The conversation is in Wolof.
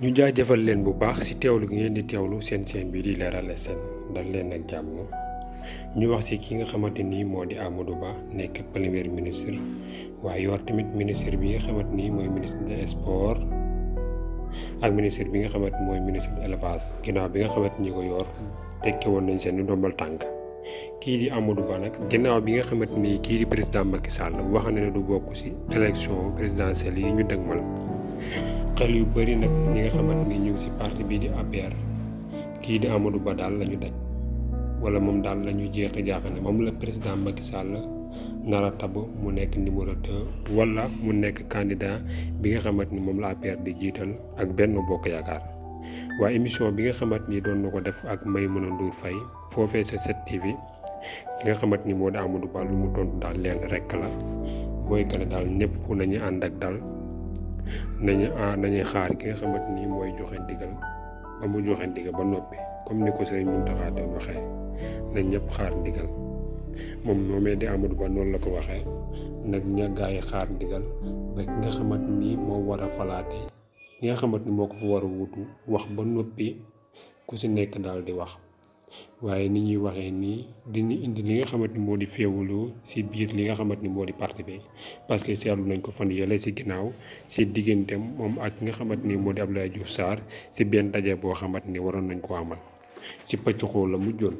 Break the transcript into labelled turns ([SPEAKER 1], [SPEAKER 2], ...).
[SPEAKER 1] ñu jaajëfal leen bu baax si teewlu gi ngeen di teewlu seen seen bii
[SPEAKER 2] di Leral seen dal leen ak jàmm ñu wax si ki nga xamante ni moo di Amadou Ba nekk premier ministre waaye yor tamit ministre bi nga xamante ni mooy ministre de sport ak ministre bi nga xamante ni mooy ministre de élevage ginnaaw bi nga xamante ni ko yor tekki woon nañ seen ndombal tànk. kii di Amadou Ba nag ginnaaw bi nga xamante ni kii di président Macky Sall wax na ne du bokk si élection présidentielle yi ñu dëgmal xel yu bari nak ñi nga xamanteni ñu parti bi di APR kii di Amadou Ba daal daj wala moom daal lañu ñu jeex a moom la président Macky Sall nara tabu mu nekk numéro 2 wala mu nekk candidat bi nga xamanteni ni moom la APR di jiital ak benn bokk yaakaar waaye émission bi nga xamanteni doon na ko def ak Ndour Fay foofee sa set tv ki nga xamanteni ni moo di Amadou Ba lu mu tontu daal leen rek la mooy daal ñëpp nañu ànd ak nañu ah, nañuy xaar ki nga xamante ni mooy joxe ndigal ba mu joxe ndigal ba noppi comme ni ko sëriñ Mountakha doon waxee nañ ñëpp xaar ndigal moom moomee di Amadou Ba noonu la ko waxee nag ña xaar ndigal ba ki nga xamante ni moo war a falaate ki nga xamante ni moo ko fa war a wutu wax ba noppi ku si nekk daal di wax. waaye ni ñuy waxee nii dina indi li nga xamante ni moo di féewulu si biir li nga xamante ni moo di parti bi parce que seetlu nañ ko fan yële si ginnaaw si digganteem moom ak ki nga xamante ni moo di Abdoulaye Diouf Sarr si benn daje boo xamante ni waroon nañ ko amal
[SPEAKER 1] si pëcc xool la mujjoon.